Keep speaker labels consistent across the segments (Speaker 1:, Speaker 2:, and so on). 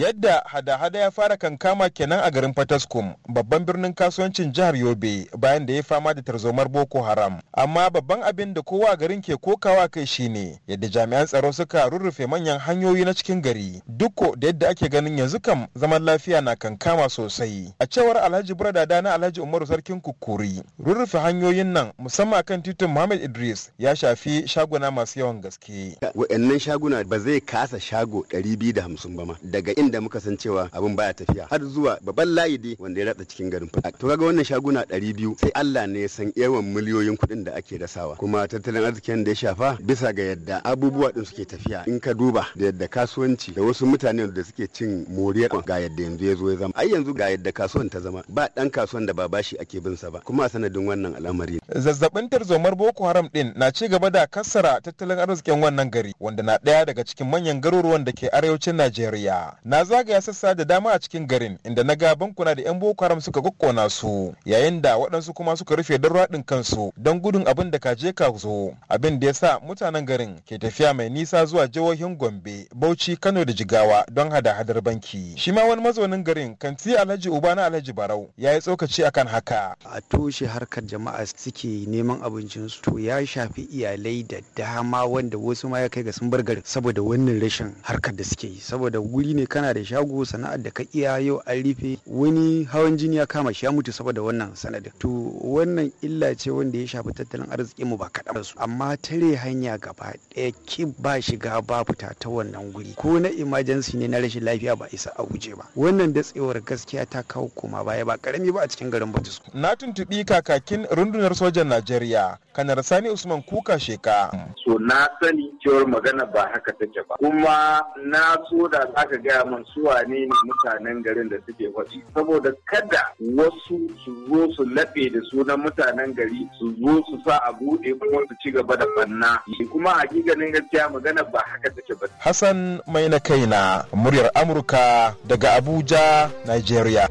Speaker 1: Yadda hada-hada ya fara kankama kenan a garin Fataskum, babban birnin kasuwancin jihar Yobe bayan da ya fama da tarzomar Boko Haram. Amma babban abin da kowa garin ke kokawa kai shine yadda jami'an tsaro suka rurrufe manyan hanyoyi na cikin gari. Dukko da yadda ake ganin yanzu kam zaman lafiya na kankama sosai. A cewar Alhaji Buradada na Alhaji Umaru Sarkin Kukuri, rurrufe hanyoyin nan musamman kan titin Muhammad Idris ya shafi shaguna masu yawan gaske. Wa'annan
Speaker 2: shaguna ba zai kasa shago 250 ba ma. Daga in inda muka san cewa abin baya tafiya har zuwa babban layi dai wanda ya ratsa cikin garin to kaga wannan shaguna ɗari biyu sai Allah ne ya san yawan miliyoyin kuɗin da ake rasawa kuma tattalin arzikin da ya shafa bisa ga yadda abubuwa din suke tafiya in ka duba da yadda kasuwanci da wasu mutane da suke cin moriyar ga yadda yanzu ya zo ya zama ai yanzu ga yadda kasuwan ta zama ba dan kasuwan da ba bashi ake bin sa ba kuma sanadin wannan al'amari
Speaker 1: zazzabin tarzomar boko haram din na ci gaba da kassara tattalin arzikin wannan gari wanda na daya daga cikin manyan garuruwan da ke arewacin Najeriya na na zagaya sassa da dama a cikin garin inda na ga bankuna da 'yan boko haram suka kokkona su yayin da waɗansu kuma suka rufe don raɗin kansu don gudun abin da ka je ka zo abin da ya sa mutanen garin ke tafiya mai nisa zuwa jihohin gombe bauchi kano da jigawa don hada-hadar banki shi ma wani mazaunin garin kanti alhaji uba na alhaji barau ya yi tsokaci akan haka a toshe harkar jama'a suke
Speaker 3: neman abincinsu to ya shafi iyalai da dama wanda wasu ma ya kai ga sun bar garin saboda wannan rashin harkar da suke yi saboda wuri ne kana kana da shago sana'ar da ka iya yau an rufe wani hawan jini ya kama shi ya mutu saboda wannan sanadin to wannan illa ce wanda ya shafi tattalin arzikin mu ba kaɗan su amma tare hanya gaba ɗaya ki ba shiga ba fita ta wannan guri ko na emergency ne na rashin lafiya ba isa a guje ba wannan datsewar
Speaker 1: gaskiya ta kawo koma baya ba karami ba a cikin garin Bauchi na tuntuɓi kakakin rundunar sojan Najeriya kanar Sani Usman Kuka Sheka
Speaker 4: so na sani cewar magana ba haka take ba kuma na so da zaka gaya min musamman su ne mutanen garin da suke faɗi saboda kada wasu su zo su laɓe da sunan mutanen gari su zo su sa a buɗe kuma su ci gaba da banna kuma a ganin gaskiya magana ba haka take ba
Speaker 1: Hassan mai na kaina muryar Amurka daga Abuja Nigeria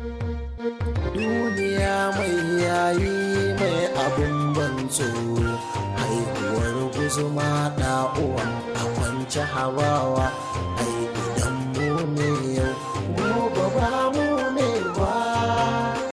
Speaker 1: duniya mai yayi mai abin banzo haihuwar guzuma da uwa a kwanci hawawa